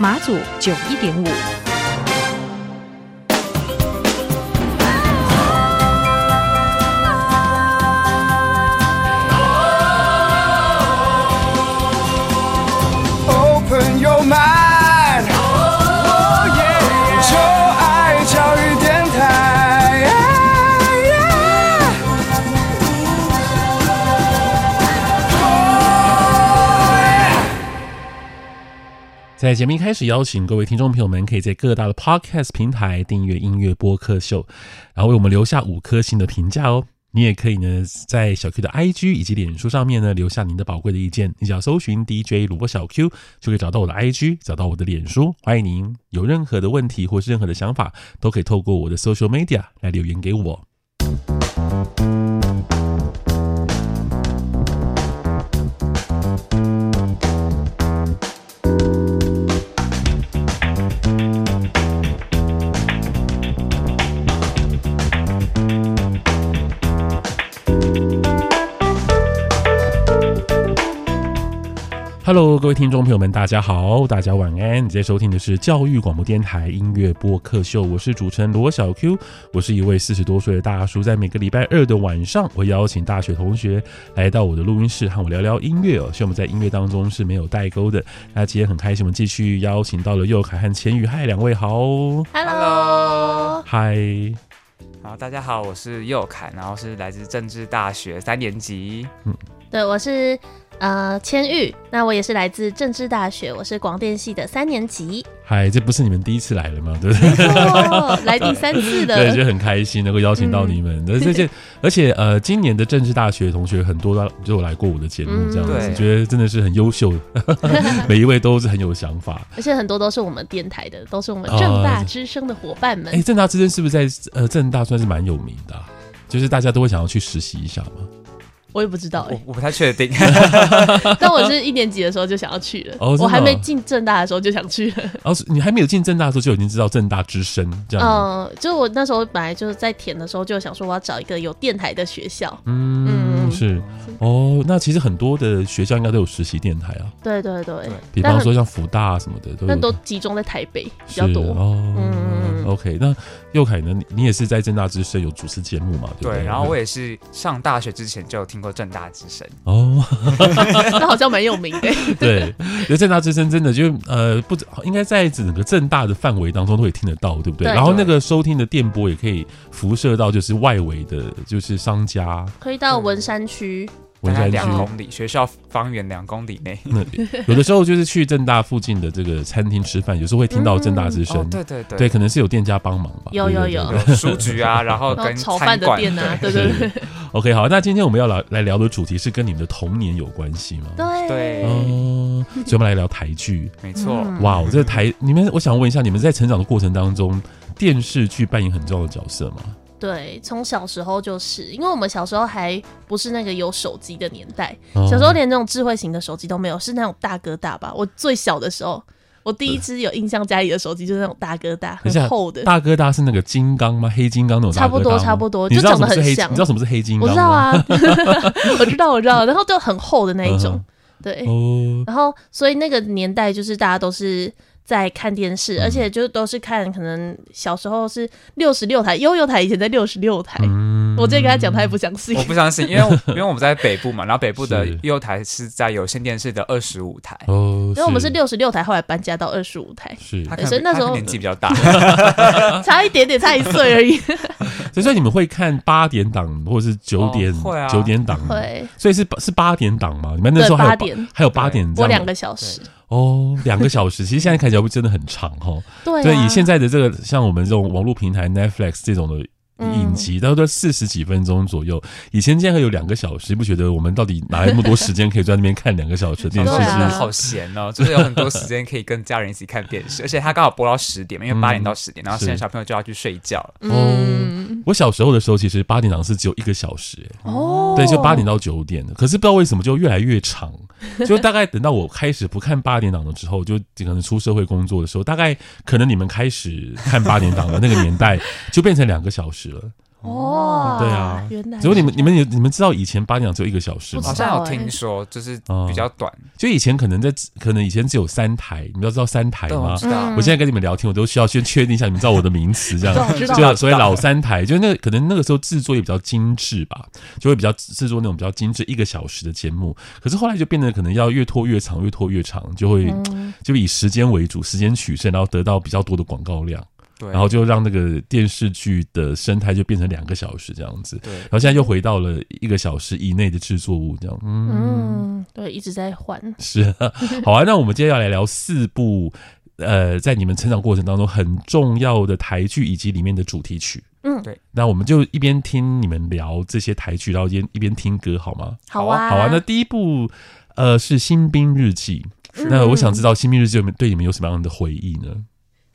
馬祖九一點五。在節目一開始，邀請各位聽眾朋友們，可以在各大的 podcast 平台訂閱音樂播客秀，然後為我們留下五顆星的評價哦。你也可以呢，在小 Q 的 IG 以及臉書上面呢，留下您的寶貴的意見。你只要搜尋 DJ 盧波小 Q，就可以找到我的 IG，找到我的臉書。歡迎您有任何的問題或是任何的想法，都可以透過我的 social media 來留言給我。Hello，各位聽眾朋友們，大家好，大家晚安。你正在收聽的是教育廣播電台音樂播客秀，我是主持人羅小 Q，我是一位四十多歲的大叔，在每個禮拜二的晚上，我邀請大學同學來到我的錄音室和我聊聊音樂哦。希望我們在音樂當中是沒有代溝的，那今天很開心，我們繼續邀請到了宥凱和千喻嗨，兩位好，好，Hello，嗨 Hi，好，大家好，我是宥凱，然後是來自政治大學三年級，嗯對，我是呃千喻，那我也是來自政治大學，我是廣電系的三年級。嗨，這不是你們第一次來了嗎？對不對？來第三次的，對，就很開心能夠邀請到你們。嗯、這些而且而且呃，今年的政治大學同學很多都有來過我的節目，嗯、這樣子對覺得真的是很優秀，每一位都是很有想法，而且很多都是我們電台的，都是我們政大之聲的夥伴們。哎、呃，政大之聲是不是在呃政大算是蠻有名的、啊？就是大家都會想要去實習一下嘛。我也不知道，我我不太確定。但我是一年級的時候就想要去了，我還沒進政大的時候就想去了。哦，你還沒有進政大的時候就已經知道政大之聲這樣。嗯，就我那時候本來就是在填的時候就想說我要找一個有電臺的學校。嗯，是哦。那其實很多的學校應該都有實習電臺啊。對對對。比方說像輔大什麼的，那都集中在台北比較多。嗯。OK，那宥凱呢你？你也是在政大之聲有主持節目嘛？對不對？對，然後我也是上大學之前就有聽過政大之聲哦，那好像蠻有名的。 對，覺得政大之聲真的就呃，不知，應該在整個政大的範圍當中都可以聽得到，對不對？對對然後那個收聽的電波也可以輻射到就是外圍的，就是商家可以到文山區。我現在兩公里學校方圓兩公里內，那裡有的時候就是去政大附近的這個餐廳吃飯，有時候會聽到政大之聲。對對對，可能是有店家幫忙吧。有，啊啊、有有有，書局啊，啊啊然，啊、然後炒飯的店啊，對對對。OK，好，那今天我們要來來聊的主題是跟你們的童年有關係嗎？對對、哦，所以我們來聊台劇。沒錯，哇，我這個、台你們，我想問一下，你們在成長的過程當中，電視劇扮演很重要的角色嗎？對，從小時候就是，因為我們小時候還不是那個有手機的年代，哦、小時候連那種智慧型的手機都沒有，是那種大哥大吧？我最小的時候，我第一支有印象家裡的手機就是那種大哥大，很厚的。大哥大是那個金剛嗎？黑金剛那種？差不多，差不多，就長得很像。你知道什麼是黑金剛？我知道啊， 我知道，我知道。然後就很厚的那一種，嗯、哼對。哦、然後，所以那個年代就是大家都是。在看電視，而且就是都是看，可能小時候是六十六台，幼幼台以前在六十六台，我直接跟他講，他也不相信，我不相信，因為因為我們在北部嘛，然後北部的幼幼台是在有線電視的二十五台，因為我們是六十六台，後來搬家到二十五台，是，所以那時候年紀比較大，差一點點，差一歲而已，所以你們會看八點檔或者是九點九點檔？會，所以是是八點檔嘛，你們那時候還八點還有八點播兩個小時。哦，兩個小時， 其實現在看起來會真的很長哦，齁對，啊、對，以現在的這個，像我們這種網絡平台 Netflix 這種的。影集大概都四十幾分鐘左右，以前竟然還有兩個小時，不覺得我們到底哪有那麼多時間可以在那邊看兩個小時的電視劇？啊、是是好閒哦，就是有很多時間可以跟家人一起看電視， 而且他剛好播到十點，因為八點到十點，然後現在小朋友就要去睡覺了。哦、嗯嗯，我小時候的時候其實八點檔是只有一個小時，哦，對，就八點到九點的，可是不知道為什麼就越來越長，就大概等到我開始不看八點檔的時候，就可能出社會工作的時候，大概可能你們開始看八點檔的那個年代，就變成兩個小時。 哦、啊，對啊，原來。如果你們、你們有、你們知道以前八點檔只有一個小時嗎？好像有聽說，就是比較短。就以前可能在，可能以前只有三台，你們要知道三台嗎？嗯、我現在跟你們聊天，我都需要先確定一下，你們知道我的名詞這樣，子 所以老三台，就那可能那個時候製作也比較精致吧，就會比較製作那種比較精致一個小時的節目。可是後來就變得可能要越拖越長，越拖越長，就會、嗯、就以時間為主，時間取勝，然後得到比較多的廣告量。對然後就讓那個電視劇的生態就變成兩個小時這樣子，對然後現在又回到了一個小時以內的制作物這樣，嗯，嗯對，一直在換。是啊，好啊。 那我們今天要來聊四部，呃，在你們成長過程當中很重要的台劇以及裡面的主題曲，嗯，對。那我們就一邊聽你們聊這些台劇，然後一邊一邊聽歌好嗎？好啊，好啊。那第一部，呃，是《新兵日記》，是那我想知道《新兵日記》對你們有什麼樣的回憶呢？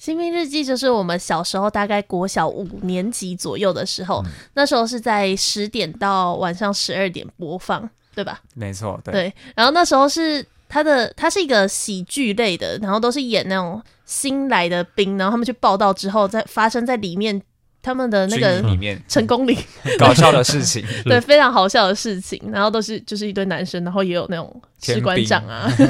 新兵日記就是我們小時候大概國小五年級左右的時候，嗯、那時候是在十點到晚上十二點播放，對吧？沒錯，對，對。然後那時候是他的，他是一個喜劇類的，然後都是演那種新來的兵，然後他們去報到之後，在發生在裡面他們的那個裡面成功嶺搞笑的事情， 對，非常好笑的事情，然後都是就是一堆男生，然後也有那種。天士官長啊，哦、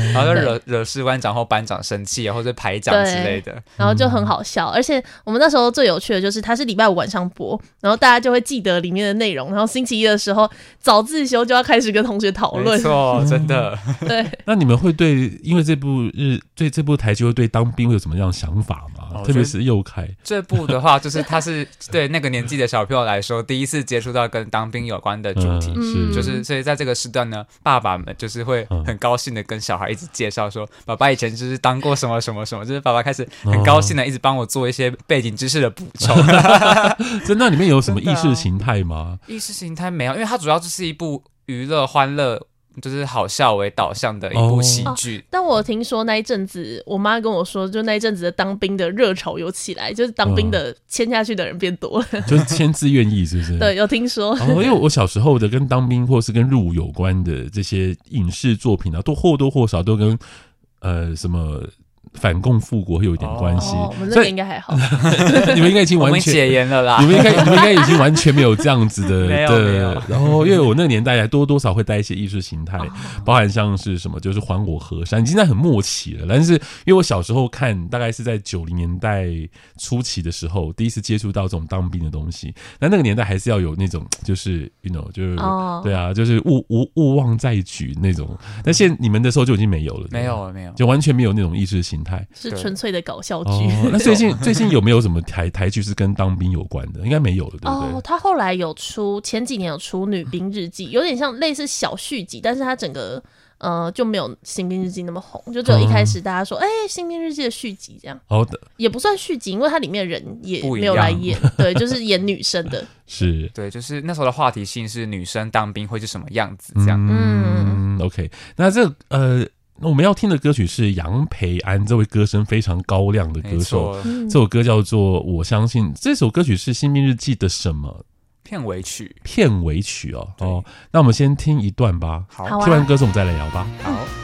對 然後就惹惹士官長或班長生氣，或者排長之類的，然後就很好笑。嗯、而且我們那時候最有趣的就是，他是禮拜五晚上播，然後大家就會記得裡面的內容。然後星期一的時候早自修就要開始跟同學討論。沒錯，真的。嗯、對，那你們會對因為這部日對這部台就會對當兵會有什麼樣的想法嗎？哦、特別是宥凱這部的話，就是他是對那個年紀的小朋友來說，第一次接觸到跟當兵有關的主題，嗯、是，就是所以在這個時段呢，爸爸們就是。就是會很高興的，跟小孩一直介紹說，嗯、爸爸以前就是當過什麼什麼什麼，就是爸爸開始很高興的，一直幫我做一些背景知識的補充。就、哦、 那裡面有什麼意識形態嗎、啊？意識形態沒有，因為它主要就是一部娛樂歡樂。就是好笑為導向的一部喜劇，oh. 哦。但我聽說那一陣子，我媽跟我說，就那一陣子的當兵的熱潮又起來，就是當兵的簽、嗯、下去的人變多了，就是簽自願役是不是？ 對，有聽說。因為、哦哎、我小時候的跟當兵或是跟入伍有關的這些影視作品啊，都或多或少都跟、嗯、呃什麼。反共復國會有一點關係，我們這邊應該還好。你們應該已經完全解嚴了啦。你們應該你們應該已經完全沒有這樣子的。對。然後，因為我那個年代還多多少會帶一些意識形態，包含像是什麼，就是還我河山。你現在很默契了。但是，因為我小時候看，大概是在九零年代初期的時候，第一次接觸到這種當兵的東西。但那個年代還是要有那種，就是 you know，就是對啊，就是毋毋毋忘在莒那種。但現你們的時候就已經沒有了，沒有了，沒有，就完全沒有那種意識形態。是純粹的搞笑劇、哦。那最近最近有沒有什麼台台劇是跟當兵有關的？應該沒有了，對不對？哦，他後來有出前幾年有出《女兵日記》，有點像類似小續集，但是他整個呃就沒有《新兵日記》那麼紅，就只有一開始大家說，哎、嗯，欸《新兵日記》的續集這樣。好的、哦。也不算續集，因為它裡面人也沒有來演，對，就是演女生的。 是。對，就是那時候的話題性是女生當兵會是什麼樣子這樣子。嗯。嗯 OK，那這呃。那我們要聽的歌曲是楊培安這位歌聲非常高亮的歌手，這首錯歌叫做《我相信》。這首歌曲是《新兵日記》的什麼片尾曲？片尾曲哦對哦，那我們先聽一段吧。好，聽完歌詞我們再來聊吧。好,啊、好。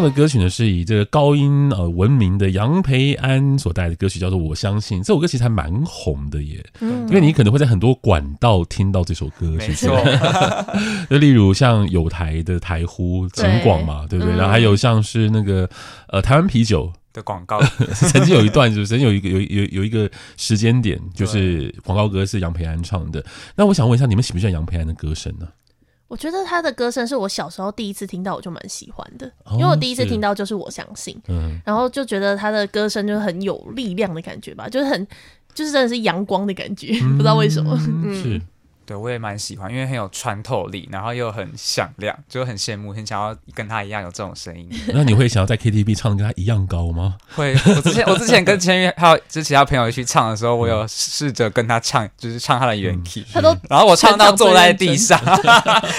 他的歌曲呢，是以這個高音呃聞名的楊培安所帶的歌曲叫做《我相信》。這首歌其實還蠻紅的耶，嗯、因為你可能會在很多管道聽到這首歌，嗯、是不是沒錯 就例如像有台的台呼、景廣嘛，對，對不對？嗯、然後還有像是那個呃台灣啤酒的廣告 曾、就是，曾經有一段，不是曾經有一個有有有一個時間點，對就是廣告歌是楊培安唱的。那我想問一下，你們喜不喜歡楊培安的歌聲呢、啊？我覺得他的歌聲是我小時候第一次聽到，我就蠻喜歡的，哦、因為我第一次聽到就是我相信，嗯、然後就覺得他的歌聲就很有力量的感覺吧，就是很，就是真的是陽光的感覺，嗯、不知道為什麼。嗯對，我也蠻喜歡，因為很有穿透力，然後又很響亮，就很羨慕，很想要跟他一樣有這種聲音。那你會想要在 KTV 唱的跟他一樣高嗎？會。我之前我之前跟千喻還有之其他朋友去唱的時候，我有試着跟他唱，就是唱他的原 key。他都，然後我唱到坐在地上，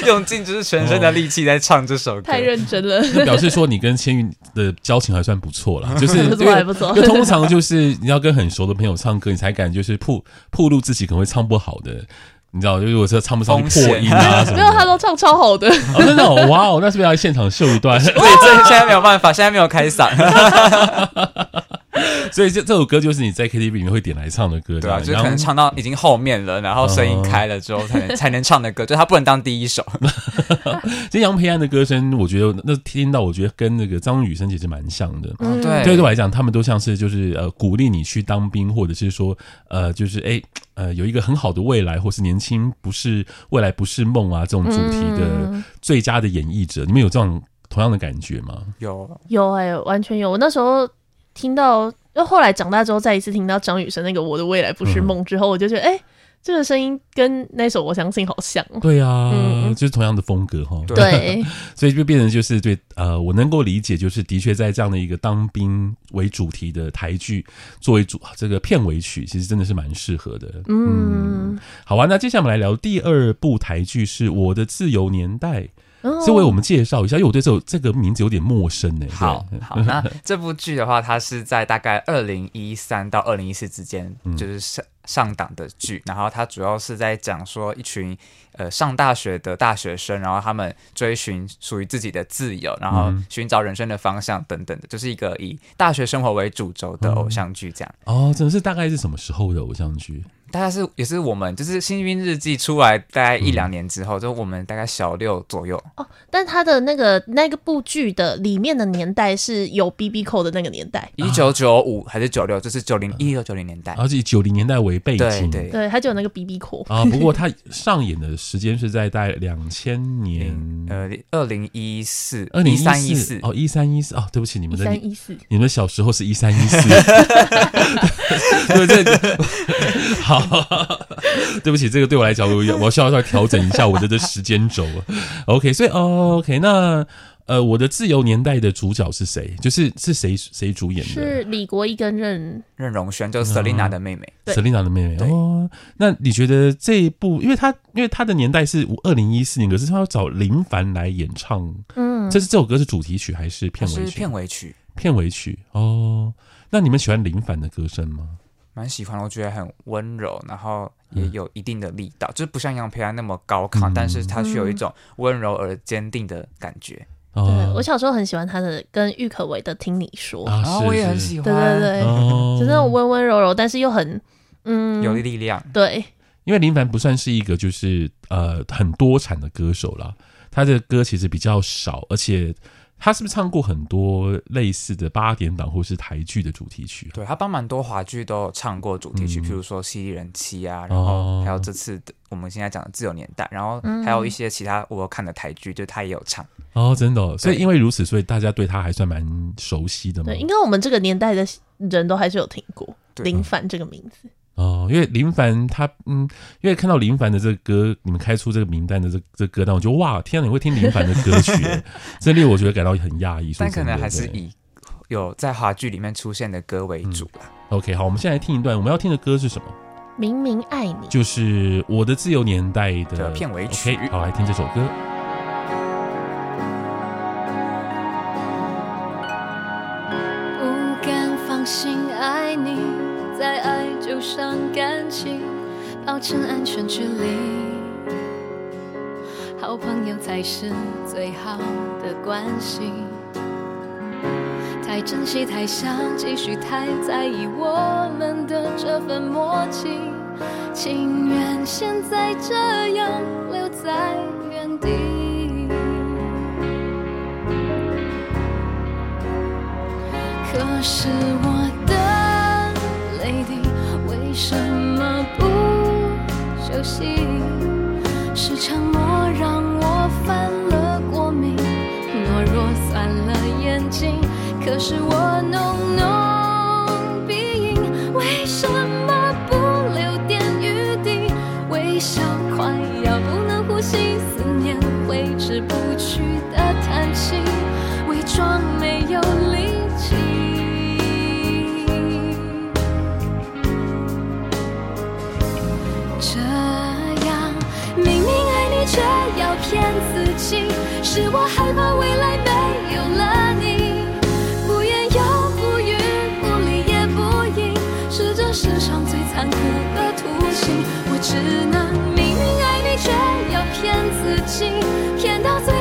用盡就是全身的力氣在唱這首歌，太認真了。表示說你跟千喻的交情還算不錯啦，就是不錯還不錯。就通常就是你要跟很熟的朋友唱歌，你才敢就是曝曝露自己可能會唱不好的。你知道，就是我唱不上破音啊什麼？沒有，他都唱超好的。真的風險，哇哦！那是不是要現場秀一段？所以這 現在沒有辦法，現在沒有開嗓。 所以這這首歌就是你在 K T V 裡面會點來唱的歌，對吧？啊、羽就可能唱到已經後面了，然後聲音開了之後才能才能唱的歌， 就他不能當第一首。 其實楊培安的歌聲，我覺得那聽到，我覺得跟那個張雨生其實蠻像的。嗯、對，對，對我來講，他們都像是就是呃鼓勵你去當兵，或者是說呃就是誒、欸，呃有一個很好的未來，或是年輕不是未來不是夢啊這種主題的最佳的演繹者。嗯、你們有這種同樣的感覺嗎？有有哎、欸，完全有。我那時候。聽到，然後後來長大之後，再一次聽到張雨生那個《我的未來不是夢》之後，嗯、我就覺得，哎、欸，這個聲音跟那首《我相信》好像。對呀、啊，嗯、就是同樣的風格哈。對呵呵，所以就變成就是對，呃，我能夠理解，就是的確在這樣的一個當兵為主題的台劇作為主、啊，這個片尾曲其實真的是蠻適合的。嗯，嗯，好啊，那接下來我們來聊第二部台劇，是《我的自由年代》。先為我們介紹一下，因為我對這這個名字有點陌生呢。好好，那這部劇的話，它是在大概二零一三到二零一四之間，就是上上檔的劇。嗯、然後它主要是在講說一群呃上大學的大學生，然後他們追尋屬於自己的自由，然後尋找人生的方向等等的，嗯、就是一個以大學生活為主軸的偶像劇。這樣、嗯、哦，真的是大概是什麼時候的偶像劇？大概是也是我們，就是《新兵日記》出來大概一兩年之後，就我們大概小六左右哦、嗯。但他的那個那個部劇的裡面的年代是有 BB Call 的那個年代，一九九五還是九六，就是九零一到九零年代，而且以九零年代為背景，對對，對，他就有那個 BB Call 啊。不過他上演的時間是在大概兩千年、嗯，呃，二零一四，二零一三一四哦，一三一四哦，對不起，你們的三一四，你們的小時候是一三一四，對對。好， 對不起，這個對我來講，我我需要再調整一下我的這時間軸。 OK，所以 OK，那呃，我的自由年代的主角是誰？就是是誰誰主演的？是李國毅跟任任容萱，就是 Selina 的妹妹。Selina、嗯、對的妹妹，哦。那你覺得這一部，對因為他因為他的年代是二零一四年，可、就是他要找林凡來演唱。嗯，這是這首歌是主題曲還是片尾曲？是片尾曲，片尾曲，片尾曲。哦。那你們喜歡林凡的歌聲嗎？蠻喜歡的，我覺得很溫柔，然後也有一定的力道，嗯、就是不像楊培安那麼高亢，嗯、但是他卻有一種溫柔而堅定的感覺。嗯、對，我小時候很喜歡他的，跟郁可唯的《聽你說》哦，然後我也很喜歡，是是對對對，就是那種溫溫柔柔，但是又很嗯有力量。對，因為林凡不算是一個就是呃很多產的歌手啦，他的歌其實比較少，而且。他是不是唱過很多類似的八點檔或是台劇的主題曲、啊？對，他幫蠻多華劇都有唱過主題曲，嗯、譬如說《犀利人妻》啊，哦、然後還有這次的我們現在講的《自由年代》，然後還有一些其他我看的台劇，就他也有唱、嗯、哦，真的、哦。所以因為如此，對所以大家對他還算蠻熟悉的嘛，對，應該我們這個年代的人都還是有聽過對林凡這個名字。對嗯哦，因為林凡他，嗯，因為看到林凡的這個歌，你們開出這個名單的這個、這個、歌單，我覺得哇，天、啊，你會聽林凡的歌曲， 這令我覺得感到很訝異。但可能還是以，以有在華劇裡面出現的歌為主啦、嗯。OK，好，我們現在來聽一段、嗯、我們要聽的歌是什麼？明明愛你，就是我的自由年代的片尾曲。Okay, 好，來聽這首歌。傷感情，保持安全距離，好朋友才是最好的關係。太珍惜，太想繼續，太在意我們的這份默契，情願現在這樣留在原地。可是我的淚滴。是我，只能明明愛你，卻要騙自己，騙到最。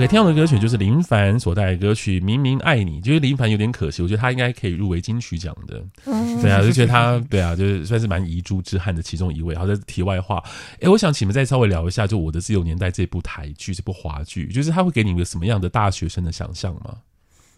對，聽到的歌曲就是林凡所帶的歌曲《明明愛你》，就是林凡有點可惜，我覺得他應該可以入圍金曲獎的。嗯，對啊，就覺得他，對啊，就是算是蠻遺珠之憾的其中一位。好，在題外話，誒，我想請你們再稍微聊一下，就《我的自由年代》這部台劇、這部華劇，就是它會給你一個什麼樣的大學生的想象嗎？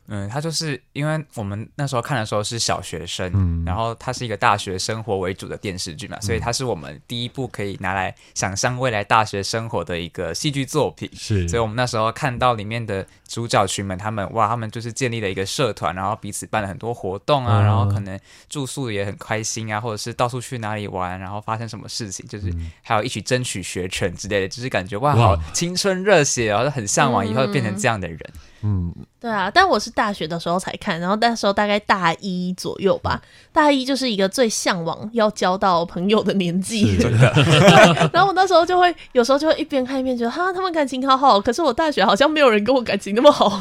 嗯，他就是因為我們那時候看的時候是小學生，嗯、然後他是一個大學生活為主的電視劇嘛，嗯、所以他是我們第一部可以拿來想象未來大學生活的一個戲劇作品。是，所以我們那時候看到裡面的主角群們，他們哇，他們就是建立了一個社團，然後彼此辦了很多活動啊，嗯、然後可能住宿也很開心啊，或者是到處去哪裡玩，然後發生什麼事情，就是還有一起爭取學權之類的。就是感覺哇，好、嗯、青春熱血然後就很向往以後變成這樣的人。嗯嗯，對啊，但我是大學的時候才看，然後那時候大概大一左右吧。嗯、大一就是一個最嚮往要交到朋友的年紀，真的。然後我那時候就會有時候就會一邊看一邊覺得，哈，他們感情好好，可是我大學好像沒有人跟我感情那麼好。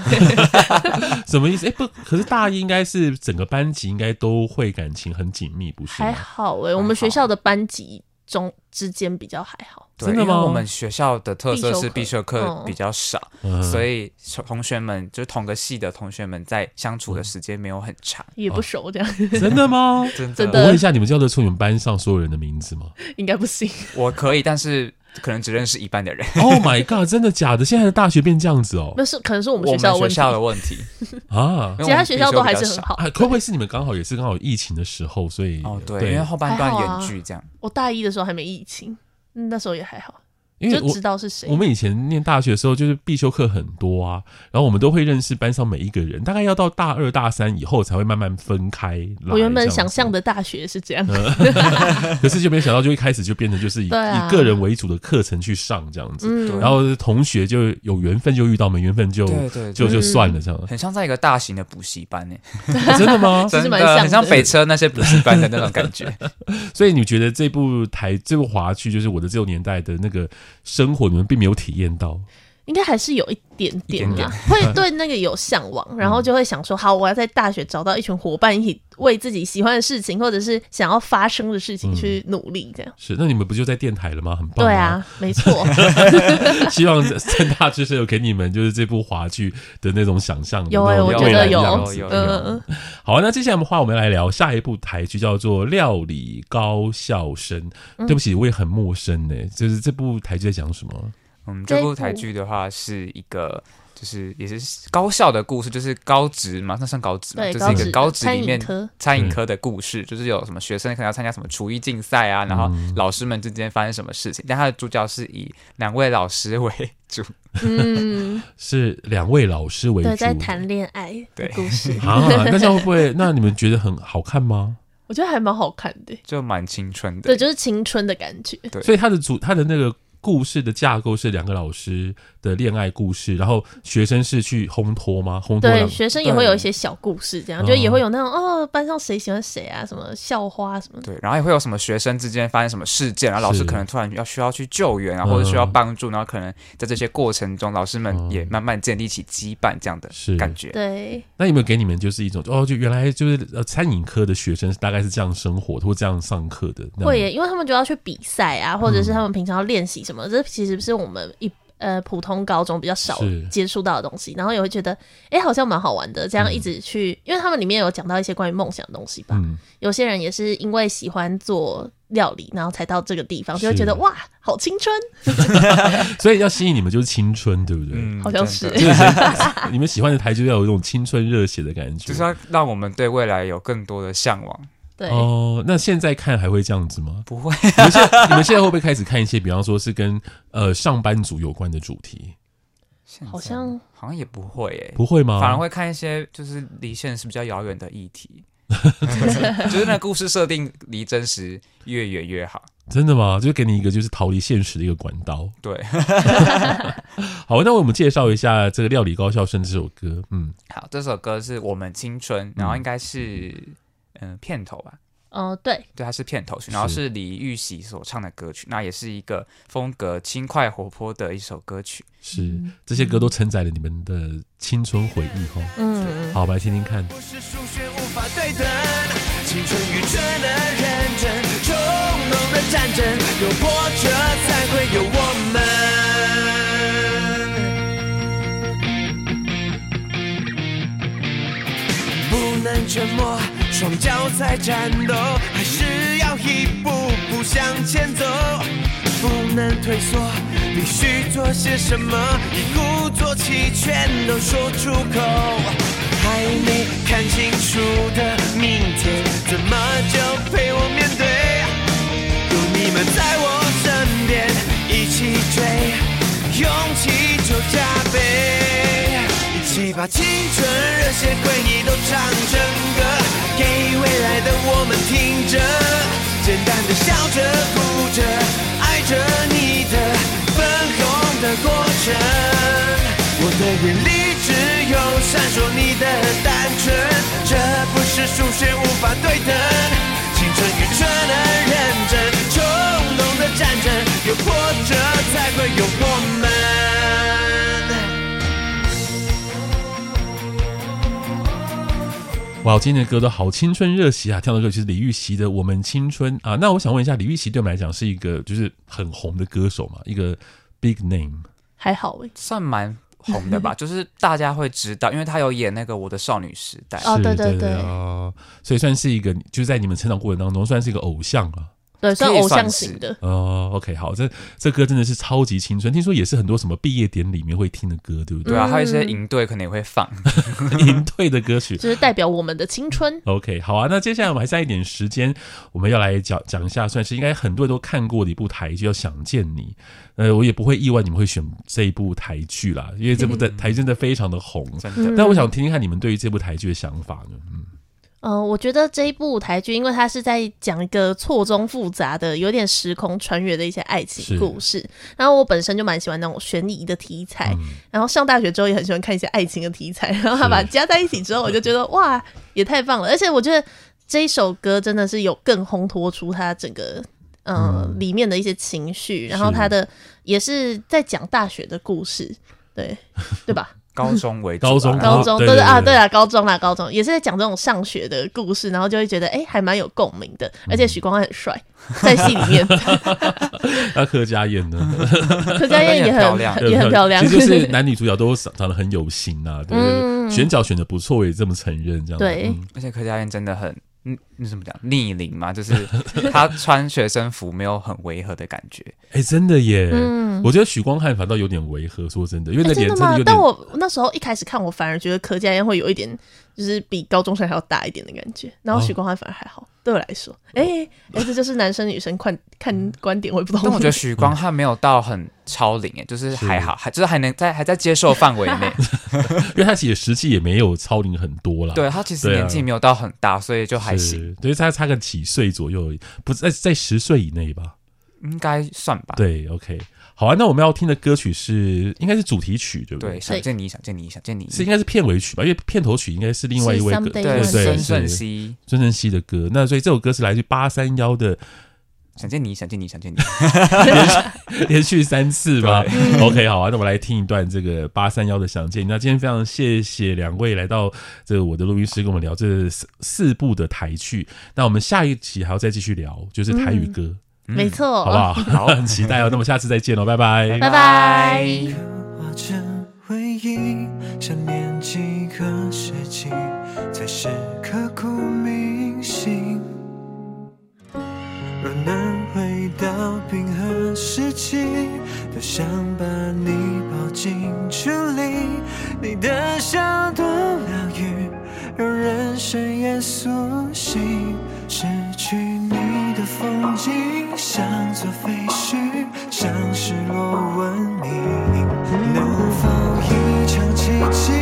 什麼意思？哎，不可是大一應該是整個班級應該都會感情很緊密，不是？還好哎、欸，嗯、我們學校的班級。中之間比較還好，對真的嗎？因為我們學校的特色是必修課比較少，嗯、所以同學們就是同個系的同學們，在相處的時間沒有很長，嗯、也不熟，這樣、啊、真的嗎？ 真的，真的我問一下，你們叫得出你們班上所有人的名字嗎？應該不行，我可以，但是。 可能只認識一半的人。Oh my god！ 真的假的？現在的大學變這樣子哦？那是可能是我們學校的問題，學校的問題啊。其他學校都還是很好。會、啊、不會是你們剛好也是剛好疫情的時候？所以哦對，哦對對因為後半段遠距這樣、啊。我大一的時候還沒疫情，嗯、那時候也還好。因為我就知道是誰我。我們以前念大學的時候，就是必修課很多啊，然後我們都會認識班上每一個人。大概要到大二、大三以後才會慢慢分開。我原本想象的大學是這樣的，嗯、 可是就沒有想到，就一開始就變成就是以、啊、以個人為主的課程去上這樣子。嗯、然後同學就有緣分就遇到，沒緣分就對對對就就算了這樣子、嗯。很像在一個大型的補習班呢、欸， 真的嗎？真的，真的很像北車那些補習班的那種感覺。 所以你覺得這部台這部華劇就是我的自由年代的那個？生活，你們並沒有體驗到。應該還是有一點點啊，點點會對那個有向往， 然後就會想說：好，我要在大學找到一群伙伴，一起為自己喜歡的事情，或者是想要發生的事情去努力。這樣、嗯、是，那你們不就在電台了嗎？很棒。對啊，沒錯。 希望政大之聲有給你們，就是這部華劇的那種想象。有啊，我覺得有有樣有。有有嗯、好，那接下來的話，我們來聊下一部台劇，叫做《料理高校生》。嗯、對不起，我也很陌生呢，就是這部台劇在講什麼？嗯，這部台劇的話是一個，就是也是高校的故事，就是高職嘛，那上高職嘛，職就是一個高職裡面餐飲、科，嗯、餐飲科的故事，就是有什麼學生可能要參加什麼廚藝競賽啊，嗯、然後老師們之間發生什麼事情。但他的主角是以兩位老師為主，嗯， 是兩位老師為主，對，在談戀愛對故事，對 啊。但是會不會那你們覺得很好看嗎？我覺得還蠻好看的，就蠻青春的，對，就是青春的感覺。對，所以他的主他的那個。故事的架構是兩個老師。的戀愛故事，然後學生是去烘托嗎？烘托對，學生也會有一些小故事，這樣覺得對也會有那種哦，班上誰喜歡誰啊，什麼校花什麼的。對，然後也會有什麼學生之間發生什麼事件，然後老師可能突然要需要去救援啊，是或者需要幫助，嗯、然後可能在這些過程中，老師們也慢慢建立起羈絆這樣的感覺。嗯、對，那有沒有給你們就是一種哦，就原來就是呃餐飲科的學生大概是這樣生活或這樣上課的？的會耶，因為他們就要去比賽啊，或者是他們平常要練習什麼，嗯、這其實不是我們一。呃，普通高中比較少接觸到的東西，是然後也會覺得，哎、欸，好像蠻好玩的。這樣一直去，嗯、因為他們裡面有講到一些關於夢想的東西吧。嗯、有些人也是因為喜歡做料理，然後才到這個地方，就會覺得是哇，好青春。 所以要吸引你們就是青春，對不對？嗯、好像是。真的 像你們喜歡的台劇要有一種青春熱血的感覺，就是要讓我們對未來有更多的向往。對哦，那現在看還會這樣子嗎？不會、啊。你們現在 你們現在會不會開始看一些，比方說是跟呃上班族有關的主題？好像好像也不會耶。不會嗎？反而會看一些就是離現實比較遙遠的議題， 就是、就是那故事設定離真實越遠越好。真的嗎？就給你一個就是逃離現實的一個管道。對。 好，那為我們介紹一下這個《料理高校生》這首歌。嗯，好，這首歌是我們青春，然後應該是。嗯嗯、呃、片頭吧。哦對對，它是片頭，然後是李玉璽所唱的歌曲。是那也是一個風格輕快活潑的一首歌曲。是，這些歌都承載了你們的青春回憶哈、哦、嗯，好，我來聽聽看。我是數學無法對等，青春愚蠢的認真，衝動的戰爭，有波折才會有我們，不能沉默，雙腳在顫抖，還是要一步步向前走，不能退縮，必須做些什麼，一鼓作氣全都說出口。還沒看清楚的明天，怎麼就陪我面對？有你們在，我。把青春熱血回憶都唱成歌，給未來的我們聽着。簡單的笑着哭着愛着你的粉紅的過程，我的眼裡只有閃爍你的單純，這不是數學無法對等。青春愚蠢的認真，衝動的戰爭，有波折才會有我們。哇，今天的歌都好青春熱血啊！跳到歌其實李玉璽的《我們青春》啊，那我想問一下，李玉璽對我們來講是一個就是很紅的歌手嘛，一個 big name，還好，算蠻紅的吧， 就是大家會知道，因為他有演那個《我的少女時代》，是的啊，對對對，所以算是一個，就是在你們成長過程當中算是一個偶像啊。對，算偶像型的哦。Oh, OK，好，這這歌真的是超級青春，聽說也是很多什麼畢業典禮裡面會聽的歌，對不對，對啊？還、嗯、有一些營隊可能也會放營隊 的歌曲，就是代表我們的青春。 OK，好啊，那接下來我們還差一點時間，我們要來講講一下，算是應該很多人都看過的一部台劇，《要想見你》。呃，我也不會意外你們會選這一部台劇啦，因為這部的、嗯、台劇真的非常的紅。的但我想聽聽看你們對於這部台劇的想法呢？嗯。嗯、呃，我覺得這一部舞台劇，因為它是在講一個錯綜複雜的、有點時空穿越的一些愛情故事。是然後我本身就蠻喜歡那種懸疑的題材，嗯、然後上大學之後也很喜歡看一些愛情的題材。然後他把它加在一起之後，我就覺得是哇，也太棒了！而且我覺得這一首歌真的是有更烘托出他整個嗯、呃、裡面的一些情緒。嗯、然後他的是也是在講大學的故事，對對吧？ 高中為、啊、高中，高中都是啊，對啊，高中啊，高中也是在講這種上學的故事，然後就會覺得哎，還蠻有共鳴的。嗯、而且許光漢很帥，在戲裡面。那、 啊、柯佳嬿呢？柯佳嬿也很， 也很漂亮，也很漂亮。其實就是男女主角都長長得很有型啊，嗯、對不對，對？選角選的不錯，也這麼承認，這樣子對。嗯、而且柯佳嬿真的很嗯。你怎麼講逆齡嘛？就是他穿學生服沒有很違和的感覺。哎，真的耶！嗯，我覺得許光漢反倒有點違和，說真的，因為那年真的。但我那時候一開始看，我反而覺得柯佳嬿會有一點，就是比高中生還要大一點的感覺。然後許光漢反而還好，對我來說。哎哎，這就是男生女生看看觀點，會不同。但我覺得許光漢沒有到很超齡，哎，就是還好，還就是還能在還在接受範圍內，因為他其實實際也沒有超齡很多啦。對他其實年紀沒有到很大，所以就還行。等於差差個幾歲左右，不是在在十歲以內吧？應該算吧。對，OK，好啊。那我們要聽的歌曲是，應該是主題曲，對不對？對，想見你想見你想見你，見你是應該是片尾曲吧？因為片頭曲應該是另外一位歌，對是對，孫盛希，孫盛希的歌。那所以這首歌是來自八三夭的。想見你，想見你，想見你，哈哈哈，連續連續三次吧。對 OK，好啊，那我們來聽一段這個八三夭的《想見》。那今天非常謝謝兩位來到這個我的錄音室，跟我們聊這四部的台劇。那我們下一期還要再繼續聊，就是台語歌，沒錯、嗯，嗯、好不好？錯好， 很期待哦、啊。那麼下次再見嘍， 拜拜，拜拜。想念幾個世紀才是刻骨銘心。若能回到冰河時期，多想把你抱進懷裡。你的笑多療癒，讓人生也甦醒。失去你的風景，像座廢墟，像失落文明。能否一場奇蹟，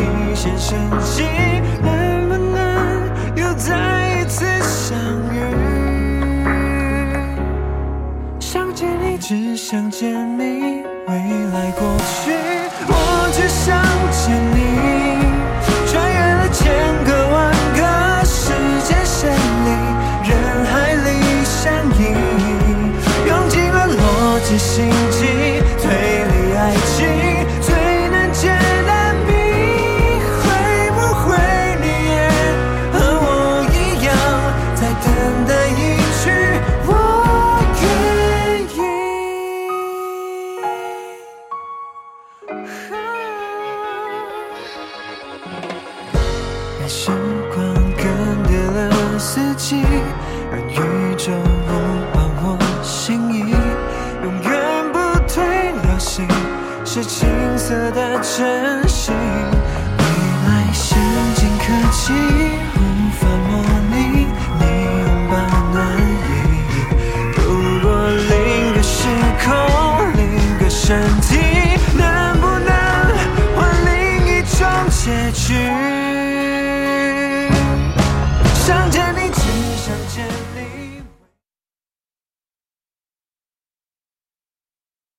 一線生機？只想見你，未來過去。